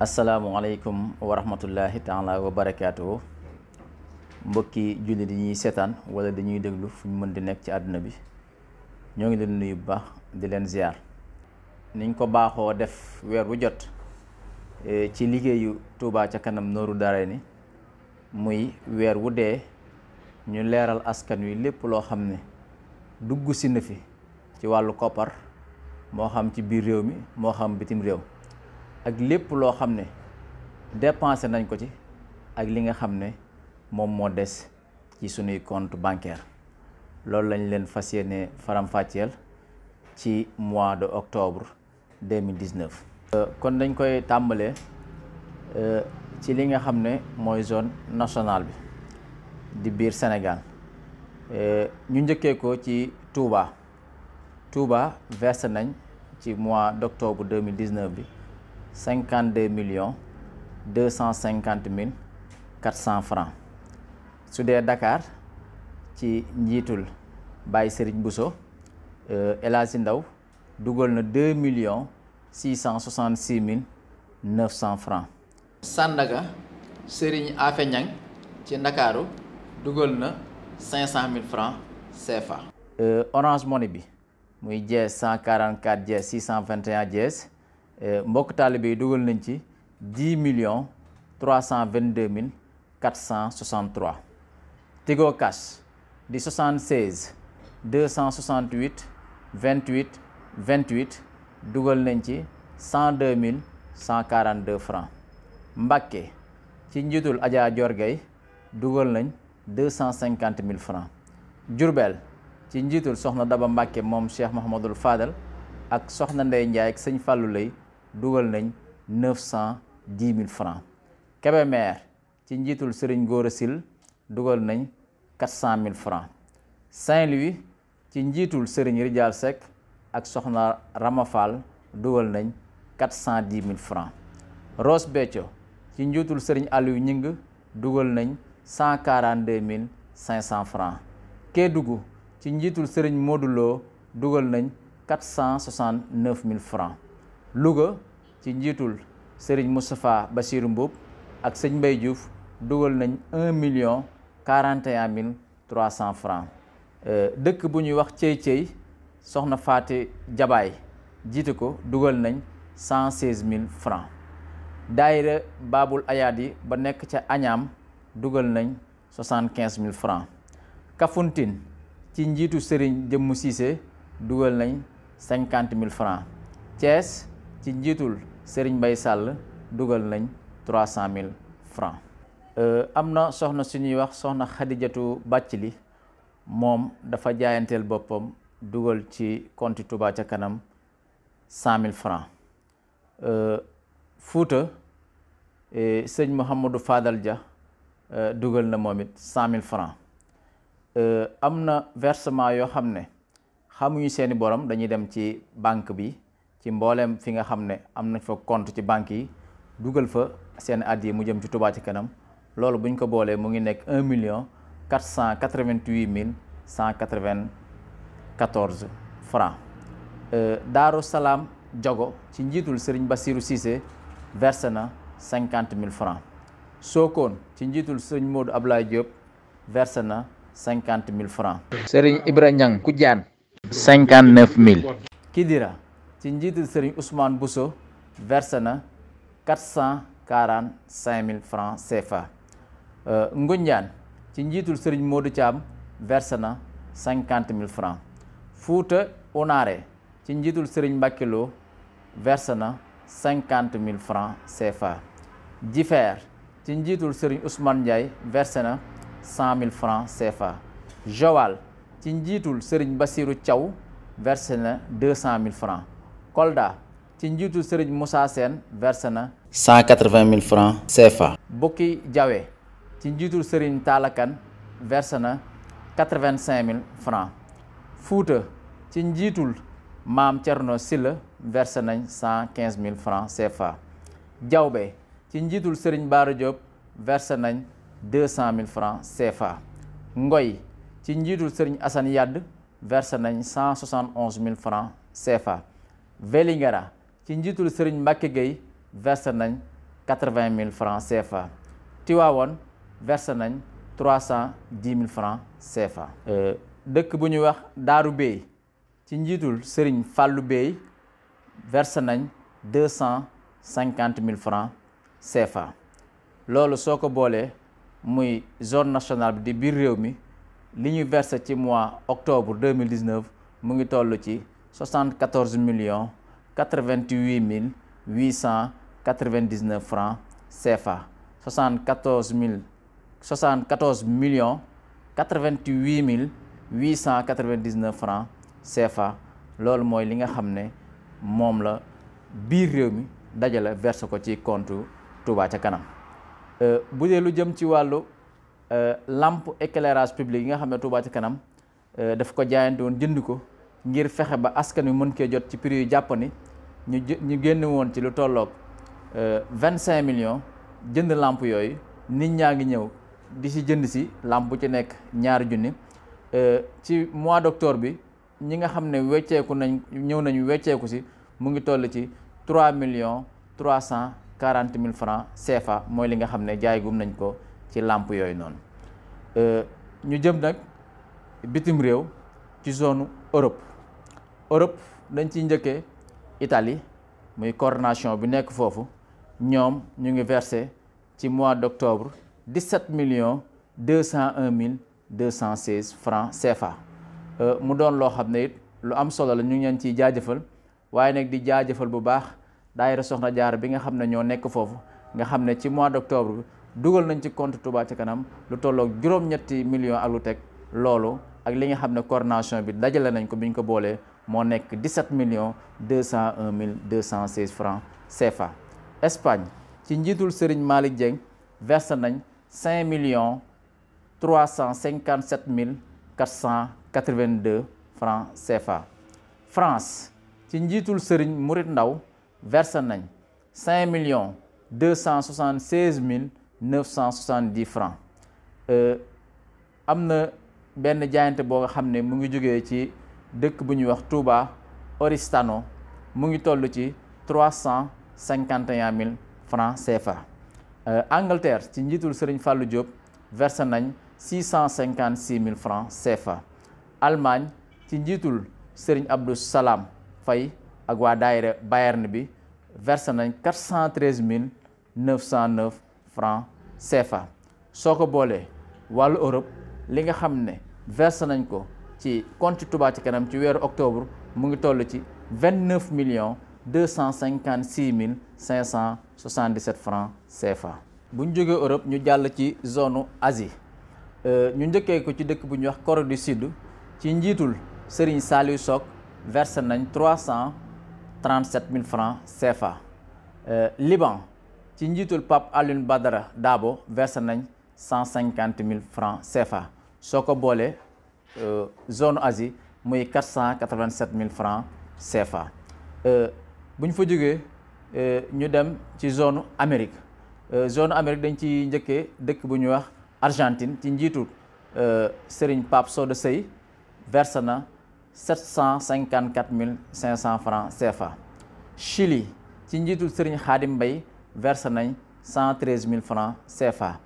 asalaamualeykum wa rahmatullahi taala wa barakaatuhu mbokki julli di ñuy seetaan wala dañuy déglu fu ñu mën di nekk ci àdduna bi ñoo ngi leen nuyu bu baax di leen ziar niñ ko baaxoo def weer bu jot e, ci liggéeyu Touba ca kanam nooru dara ni muy weer wu dee ñu leeral askan wi lépp loo xam ne dugg sina fi ci wàllu koppar moo xam ci biir réew mi moo xam bitim réew ak lépp loo xam ne dépensé nañ ko ci ak li nga xam ne moom moo des ci suñuy compte bancaire loolu lañ leen fas yéene faram-fàcceel ci mois de octobre 2019 euh, kon dañ koy tàmbalee euh, ci li nga xam ne mooy zone nationale bi di biir Sénégal euh, ñu njëkkee ko ci Touba Touba verse nañ ci mois d' octobre 2019 bi cinquante deux millions deux cent cinquante mille quatre cent francs su dee Dakar ci njiitul Baye Serigne Bousso euh, El Hadji Ndaw dugal na deux millions six cent soixante six mille neuf cent francs Sandaga Serigne Afe ci Ndakaaru dugal na cinq cent mille francs CFA. Euh, Orange Money bi muy jees cent quarante quatre jees six cent vingt et jees Eh, mbokk taalibe yi dugal nañ ci dix millions trois cent vingt deux mille quatre cent soixante trois Tigo di soixante seize deux cent soixante huit vingt vingt huit dugal nañ ci cent deux mille cent quarante deux francs Mbàkke ci njiitul Adja Dior dugal nañ deux cent cinquante mille francs Diourbel ci njiitul soxna Daba Mbàkke moom Cheikh Mouhamadul Fadal ak soxna Ndey Njaay ak sëñ Fàllu Lay dugal nañ neuf cent dix mille francs ci njiitul Serigne Gora Syll dugal nañ quatre cent mille francs saint ci njiitul Serigne Ridial Seck ak Soxna Ramafal dugal nañ quatre cent dix mille francs Ross ci njiitul Serigne Aliou Ñing dugal nañ cent quarante deux mille cinq cent francs Kédougou ci njiitul Serigne Modou dugal nañ quatre cent soixante neuf mille ci njiitul Serigne Moustapha Bassirou Mboup ak sëñ mbay Diouf dugal nañ un million quarante et un mille trois cent francs euh, dëkk bu ñuy wax cey cey soxna faate Jabaay jiite ko dugal nañ cent seize mille francs daayira Baabul Ayaadi ba nekk ca añam dugal nañ soixante quinze mille francs Kafountine ci njiitu Serigne Jëmmu Cissé dugal nañ cinquante mille francs ci njiitul Serigne Mbaye Sall dugal nañ trois cent mille francs euh, am na soxna suñuy wax soxna Xadijatu li moom dafa jaayanteel boppam dugal ci compte Touba ca kanam cent mille francs euh, Fuuta sëñ Mouhamadou Fadal Dia euh, dugal na moom it cent mille francs am na versement yoo xam ne xamuñu seeni borom dañuy dem ci banque bi ci mbooleem fi nga xam ne am na fa compte ci banque yi dugal fa seen at mu jëm ci Touba ci kanam loolu buñ ko boolee mu ngi nekk un million quatre cent quatre mille cent quatre-vingt-quatorze francs euh, Daaru Salaam Jogo ci njiitul Serigne Bassirou Cissé versé na cinquante mille francs Sokone ci njiitul Serigne Modou Ablaye Diop versé na cinquante mille francs Serigne Ibra ku Koudiane cinquante neuf mille Kidira ci njiitul sëriñ Ousmane Bousso verse na quatre cent quarante cinq mille francs CFA euh, Ngunjaan ci njiitul sëriñ Modou Thiam verse na cinquante mille francs Fuuta Unaare ci njiitul sëriñ Mbacke verse na cinquante mille francs CFA Jifeer ci njiitul sëriñ Ousmane Ndiaye verse na cent mille francs CFA Joal ci njiitul sëriñ Bassirou Thiaw verse na deux cent mille francs colda ci njiitu Serigne Moussa Sène verse na. cent quatre-vingt mille francs CFA. Bokki Diawé ci njiitul Serigne Talakan verse na quatre-vingt-cinq mille francs Fouta ci njiitul maam Thierno Silla verse nañ cent quinze mille francs CFA. Diawbe ci njiitul Serigne Bara verse nañ deux cent mille francs CFA. Ngoy ci njiitul Serigne Assane Yadd verse nañ cent soixante onze mille francs CFA. Vélingara ci njiitul sëriñ Mbacke Gueye verse nañ quatre-vingt mille francs CFA Tiwaawoon verse nañ trois cent dix mille francs CFA. Euh, dëkk bu ñuy wax Daaru Bey ci njiitul sëriñ Fallou Bey verse nañ deux cent cinquante mille francs CFA loolu soo ko boolee muy zone nationale bi di biir réew mi li ñuy verse ci mois octobre deux mille dix-neuf mu ngi toll ci. 74 millions 88 mille 899 francs CFA 74 mille 74 millions 88 mille 899 francs CFA loolu mooy li nga xam ne moom la biir réew mi dajale verse ko ci compte Touba ca kanam euh, bu dee lu jëm ci wàllu euh, lampe éclairage public yi nga xam ne Touba ca kanam euh, daf ko jaayante woon jënd ko ngir fexe ba askan wi mën kee jot ci prix yu jàpp ni ñu ñu génn woon ci lu tolloog euh, vingt cinq millions jënd làmp yooyu nit ñaa ngi ñëw di si jënd si lamp bu ci nekk ñaari junni euh, ci mois d'octobre bi ñi nga xam ne wecceeku nañ ñëw nañu wecceeku si mu ngi toll ci trois millions trois cent quarante mille francs CFA mooy li nga xam ne jaay gum nañ ko ci làmp yooyu noonu euh, ñu jëm nag bitim réew ci zone Europe Europe dañ ci njëkkee itali muy coordination bi nekk foofu ñoom ñu ngi versé ci mois d' octobre 17 millions 201 mille 216 francs CFA euh, mu doon loo xam ne it lu am solo la ñu ngeen ciy jaajëfal waaye nag di jaajëfal bu baax daayira soxna jaar bi nga xam ne ñoo nekk foofu nga xam ne ci mois d' octobre bi dugal nañ ci compte Touba ci kanam lu tolloog juróom-ñetti millions ak lu teg loolu ak li nga xam ne coordination bi dajale nañ ko biñ ko boolee moo nekk 17 millions 201 mille 216 francs CFA. Espagne ci njiitul Serigne Malick Dieng verse nañ 5 millions 357 mille 482 francs CFA. France ci njiitul Serigne Mouride Ndaw verse nañ 5 millions 276 mille 970 francs euh, am na benn jaayante boo nga xam ne mu ngi jógee ci. dëkk bu ñuy wax Touba Oristano mu ngi toll ci trois cent cinquante et un mille francs CFA. Euh, ci njiitul Serigne Fallou Diop versé nañ six cent cinquante six mille francs CFA. Allemagne ci njiitul Serigne Abdou salaam fay ak waa daayira Bayern bi versé nañ quatre cent treize mille neuf cent neuf francs CFA. soo ko boolee wàllu Europe li nga xam ne versé nañ ko. ci compte Touba ci kanam ci weeru octobre mu ngi toll ci vingt neuf millions deux cent cinquante six mille cinq cent soixante dix sept francs CFA. bu ñu jógee Europe ñu jàll ci zone Asie euh, ñu njëkkee ko ci dëkk bu ñuy wax Corée du Sud ci njiitul Serigne Saliou Sock versé nañ trois cent trente sept mille francs CFA. Euh, Liban ci njiitul Pape Alioune Badara Dabo versé nañ cent cinquante mille francs CFA soo ko boolee. Euh, zone Asie muy quatre cent quatre-vingt-sept mille francs CFA. Euh, bu ñu fa jógee euh, ñu dem ci zone amerique zone Amérique dañ ci njëkkee dëkk bu ñuy wax Argentine ci njiitu Serigne Pape Soda Sey verse na sept cent cinquante-quatre mille cinq cent francs CFA. Chili ci njiitul Serigne Khadim mbay verse nañ cent treize mille francs CFA.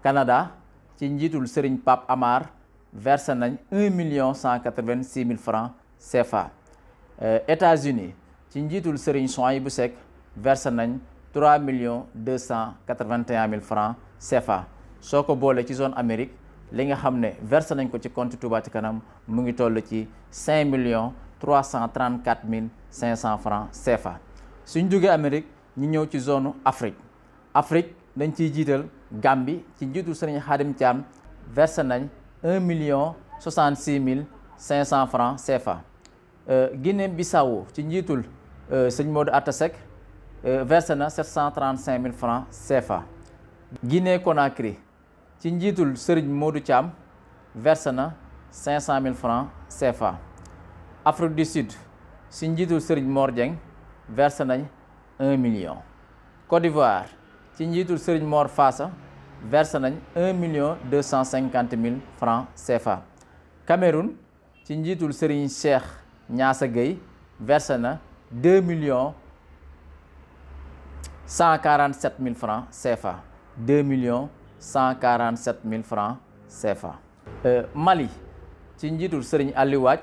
Canada ci njiitul Serigne Pape Amar. versé nañ un million cent quatre-vingt-six mille francs CFA euh, États-Unis ci njiitul Serigne Souhaïbou Seck versé nañ trois millions deux cent quatre-vingt-un mille francs CFA soo ko boolee ci zone Amérique li nga xam ne versé nañ ko ci compte Touba kanam mu ngi toll ci cinq millions trois cent trente-quatre mille cinq cents francs CFA suñ jógee Amérique ñi ñëw ci zone Afrique Afrique dañ ciy jiital Gambie ci njiitul Serigne Khadim Thiam versé nañ million soixante six mille cinq cent francs CFA. Euh, Guinée Bissau ci njiitul euh, sëñ Modou Atta Seck euh, versé na sept cent trente cinq mille francs CFA. Guinée Conakry ci njiitul Serigne Modou Thiam versé na cinq cent mille francs CFA. Afrique du Sud ci njiitul Serigne Mor Dieng versé nañ million. Côte d'Ivoire ci njiitul Serigne Mor verse nañ 1 million 250 mille francs CFA Cameroun ci njiitul Serigne Cheikh ñaasa Gueye verse na 2 millions 147 mille francs CFA 2 millions 147 mille francs CFA. Euh, Mali ci njiitul Serigne Aliou Waaj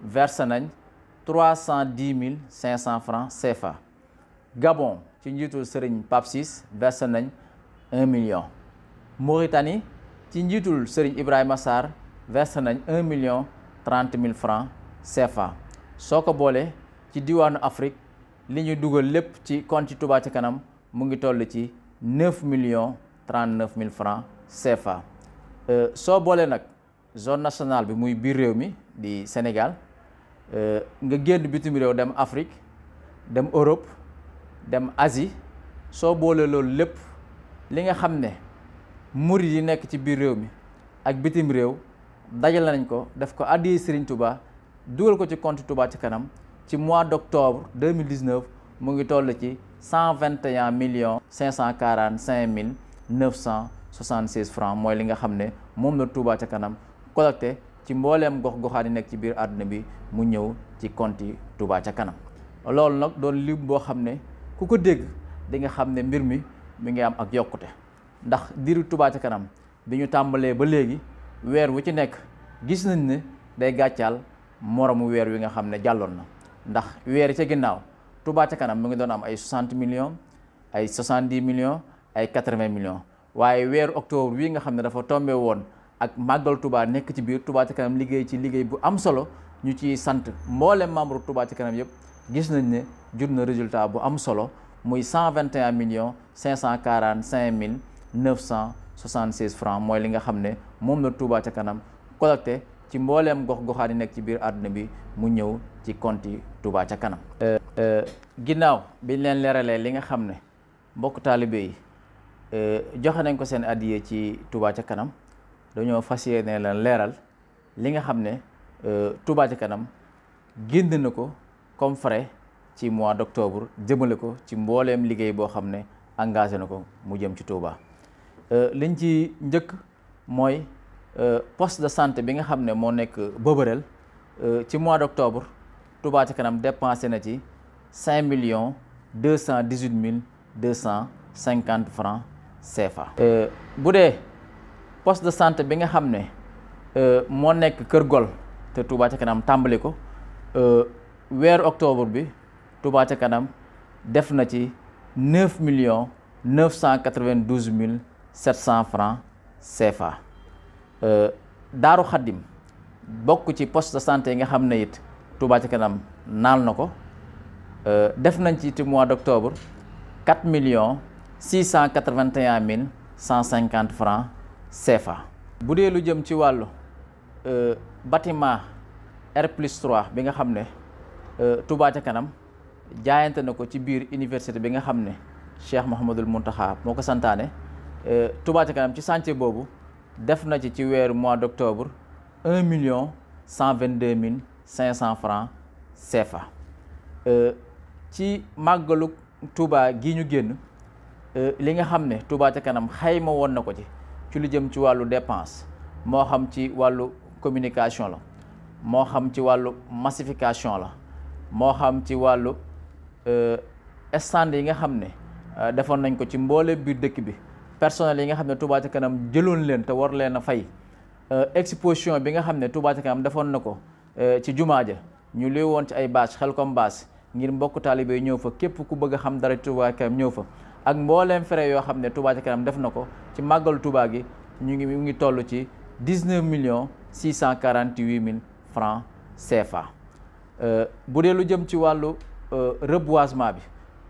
verse nañ 310 mille 500 francs CFA Gabon ci njiitul Serigne Pape Ciss nañ 1 million. Mauritanie ci njiitul Serigne Ibrahima Sarr verse nañ 1 million 30 mille francs CFA soo ko boolee ci diwaanu Afrique li ñuy dugal lépp ci compte Touba ci kanam mu ngi toll ci million millions 39 mille francs CFA euh, soo boolee nag zone nationale bi muy biir réew mi di Sénégal euh, nga génn bitim réew dem Afrique dem Europe dem asi soo boole loolu lépp li nga xam ne murid yi nekk ci biir réew mi ak bitim réew dajale nañ ko def ko addi Serigne Touba dugal ko ci compte Touba ci kanam ci mois d'octobre 2019 mu ngi toll ci million 121 millions 545 mille 976 francs mooy li nga xam ne moom la Touba ca kanam collecté ci mbooleem gox goxaan yi nekk ci biir àdduna bi mu ñëw ci compte yi Touba ca kanam loolu nag doon lim boo xam ne ku ko dégg di nga xam ne mbir mi mi ngi am ak yokkute ndax diiru Touba ca kanam bi ñu tàmbalee ba léegi weer wu ci nekk gis nañ ne day gàccaal moromu weer wi nga xam ne jàlloon na ndax weer yi ca ginnaaw Touba ca kanam mu ngi doon am ay 60 millions ay 70 million ay 80 millions waaye weer octobre wi nga xam ne dafa tombé woon ak màggal Touba nekk ci biir Touba ca kanam liggéey ci liggéey bu am solo ñu ciy sant mboolem membre Touba ca kanam yëpp gis nañ ne jur na résultat bu am solo muy 121 millions 545 mille. neuf cent soixante-seize francs mooy li nga xam ne moom la Touba ca kanam collecté ci mbooleem gox goxaan yi nekk ci biir àdduna bi mu ñëw ci konti Touba ca kanam euh, euh, ginnaaw bi leen leeralee li nga xam ne mbokk taalibe yi euh, joxe nañ ko seen addiye ci Touba ca kanam dañoo fas yéene la leeral li nga xam ne Touba ca kanam génn na ko comme frais ci mois d'octobre jëmale ko ci mbooleem liggéey boo xam ne engagé na ko mu jëm ci Touba Euh, liñ ci njëkk mooy euh, poste de santé bi nga xam ne moo nekk Boberel euh, ci mois d'octobre Touba Ca Kanam dépensé na ci cinq millions deux cent dix-huit mille deux cent cinquante francs CFA. bu dee poste de santé bi nga xam ne moo nekk Kër Gol te Touba Kanam tàmbali ko weer octobre bi Touba Kanam def na ci neuf millions neuf cent quatre vingt mille 700 francs CFA euh, Daaru Xaddim bokk ci poste de santé yi nga xam ne it Touba ci kanam naal na ko euh, def nañ ci ci mois d'octobre 4 millions 681 mille 150 francs CFA. bu dee lu jëm ci wàllu euh, bâtiment R plus 3 bi nga xam ne Touba ca kanam jaayante na ko ci biir université bi nga xam ne Cheikh Mouhamadul Mountakha moo ko santaane. Euh, Touba Ca Kanam ci chantier boobu def na ci ci weeru mois d' octobre un million cent vingt deux mille cinq cent francs CFA euh, ci màggalu Touba gi ñu génn euh, li nga xam ne Touba Ca Kanam xayma woon na ko ci ci lu jëm ci wàllu dépense moo xam ci wàllu communication la moo xam ci wàllu massification la moo xam ci wàllu stand yi nga xam ne defoon nañ ko ci mboole biir dëkk bi personnel yi nga xam ne Touba kanam jëloon leen te war leen a fay euh, exposition bi nga xam ne Touba ca kanam defoon na ko euh, ci jumaa ja ñu luy woon ci ay bâche xel comme bâche ngir mbokk taalibe ñëw fa képp ku bëgg xam dara Touba ca kanam ñëw fa ak mbooleem frais yoo xam ne Touba ca kanam def na ko ci màggalu Touba gi ñu ngi mu ngi toll ci million 19 millions 648 mille francs CFA euh, bu dee lu jëm ci wàllu reboisement bi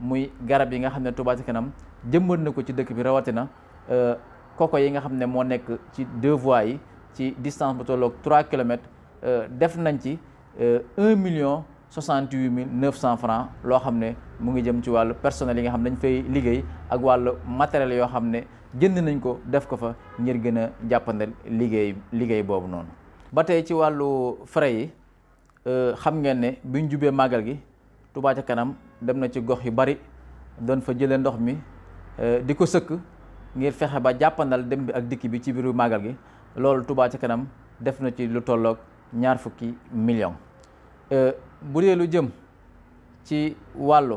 muy garab yi nga xam ne Touba ca kanam jëmbat na ko ci dëkk bi rawatina euh, koko yi nga xam ne moo nekk ci deux voies yi ci distance bu tolloog 3 kilomètres euh, def nañ ci 1 euh, million 68 mille cent francs loo xam ne mu ngi jëm ci wàllu personnel yi nga xam ne dañ fay liggéey ak wàllu matériel yoo xam ne jënd nañ ko def ko fa ngir gën a jàppandal liggéey liggéey boobu noonu. ba tey ci wàllu frais yi xam ngeen ne biñ jubee màggal gi Touba ca kanam dem na ci gox yu bari doon fa jëlee ndox mi. Euh, di ko sëkk ngir fexe ba jàppandal dem bi ak dikk bi ci biiru màggal gi loolu Touba ca kanam def na ci lu tollook ñaar fukki million euh, bu dee lu jëm ci wàllu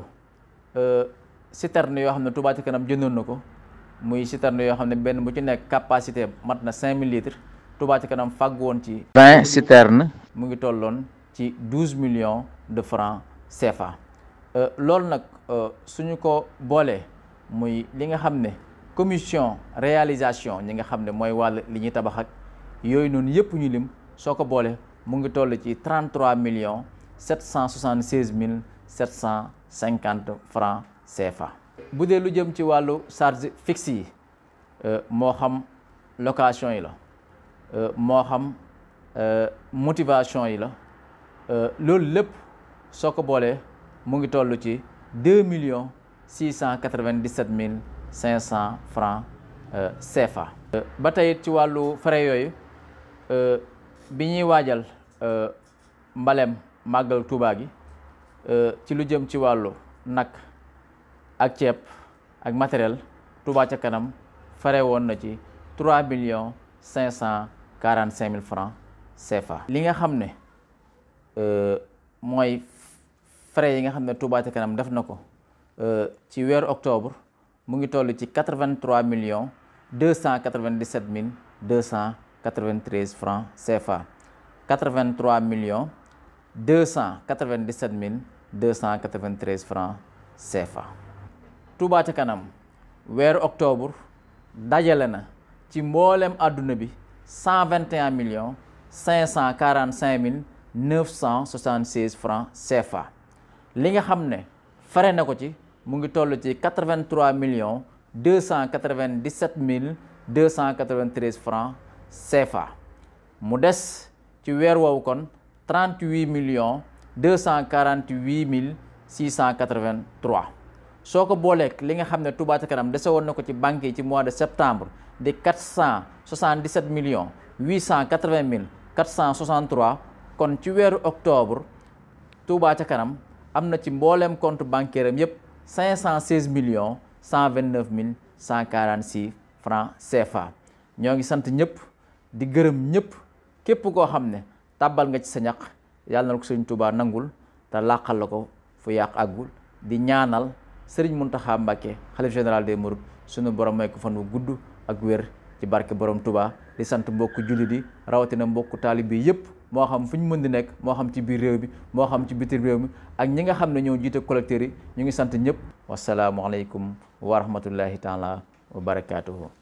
euh, citerne yoo xam ne Touba ca kanam jëndoon na ko muy citerne yoo xam ne benn bu ci nekk capacité mat na 5000 litres Touba ca kanam fàgg woon ci 20 citerne mu ngi tolloon ci 12 millions de francs CFA loolu nag suñu ko boolee muy li nga xam ne commission réalisation ñi nga xam ne mooy wàll li ñuy tabaxak yooyu noonu yëpp ñu lim soo ko boolee mu ngi toll ci 33 millions 776 mille 750 francs CFA. bu dee lu jëm ci wàllu charge fixe yi euh, moo xam location yi la euh, moo xam euh, motivation yi la loolu lépp soo ko boolee mu ngi toll ci 2 millions. six cent quatre-vingt-dix-sept mille cinq cent francs euh, CFA. Euh, ba tey ci wàllu fare yooyu euh, bi ñuy waajal mbalem màggal Tuuba gi ci lu jëm ci wàllu nag ak ceeb ak matériel Tuuba ca kanam fare woon na ci trois millions cinq cent quarante cinq mille francs CFA. li nga xam ne mooy fare yi nga xam ne Tuuba ca kanam def na ko. Euh, ci weer octobre mu ngi toll ci quatre million trois millions deux mille deux cent quatre vingt treize francs CFA quatre vingt trois millions mille deux cent quatre vingt treize francs CFA. Touba kanam weer octobre dajale na ci mboolem àdduna bi cent vingt million un millions cinq cent mille neuf cent soixante seize francs li nga xam ne fare na ko ci. mu ngi toll ci 83 millions 297 mille 293 francs CFA mu des ci weer woowu kon 38 millions 248 mille 683 soo ko booleeg li nga xam ne Touba Ca Kanam dese woon na ko ci banque yi ci mois de septembre di million millions 880 mille 463 kon ci weeru octobre Touba Ca Kanam am na ci mbooleem compte bancaire am yépp cinq cent seize millions cent vingt neuf mille cent quarante six francs CFA ñoo ngi sant ñëpp di gërëm ñëpp képp koo xam ne tàbbal nga ci sa ñaq yàlla na ko sëriñ Tuubaa nangul te làqal la ko fu yàq àggul di ñaanal sëriñ Muntaxa Mbàkke xalif général des Mourides suñu borom may ko fan wu gudd ak wér ci barke borom tubaa di sant mbokku jullit yi rawatina mbokku taalib bi yëpp moo xam fu ñu mën di nekk moo xam ci biir réew bi moo xam ci bitim réew mi ak ñi nga xam ne ñoo jiite collecteurs yi ñu ngi sant ñëpp wasalaamualeykum wa rahmatullahi taala wa barakaatuhu